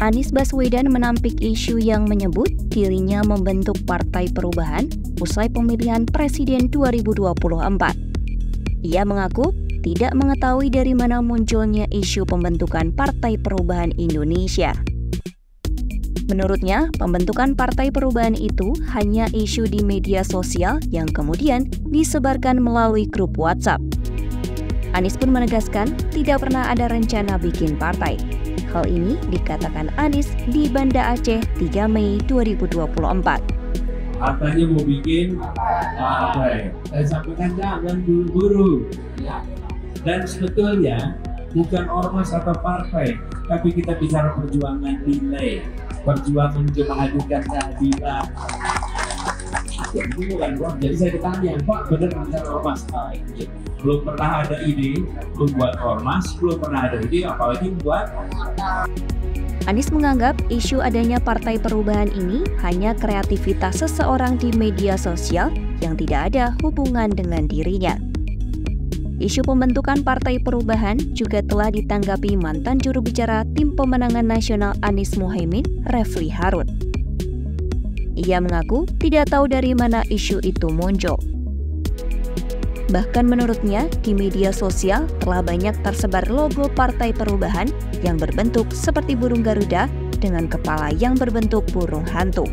Anies Baswedan menampik isu yang menyebut dirinya membentuk Partai Perubahan usai pemilihan Presiden 2024. Ia mengaku tidak mengetahui dari mana munculnya isu pembentukan Partai Perubahan Indonesia. Menurutnya, pembentukan Partai Perubahan itu hanya isu di media sosial yang kemudian disebarkan melalui grup WhatsApp. Anies pun menegaskan tidak pernah ada rencana bikin partai, Hal ini dikatakan Anies di Banda Aceh 3 Mei 2024 apanya mau bikin apa ya saya eh, sampaikan jangan buru-buru dan sebetulnya bukan ormas atau partai tapi kita bicara perjuangan nilai perjuangan untuk menghadirkan keadilan Kan, jadi saya ditanya pak bener acara ormas belum pernah ada ide membuat ormas belum pernah ada ide apalagi membuat Anies menganggap isu adanya Partai Perubahan ini hanya kreativitas seseorang di media sosial yang tidak ada hubungan dengan dirinya. Isu pembentukan Partai Perubahan juga telah ditanggapi mantan juru bicara tim pemenangan nasional Anies Mohaimin, Refli Harun. Ia mengaku tidak tahu dari mana isu itu muncul. Bahkan menurutnya, di media sosial telah banyak tersebar logo Partai Perubahan yang berbentuk seperti burung Garuda dengan kepala yang berbentuk burung hantu.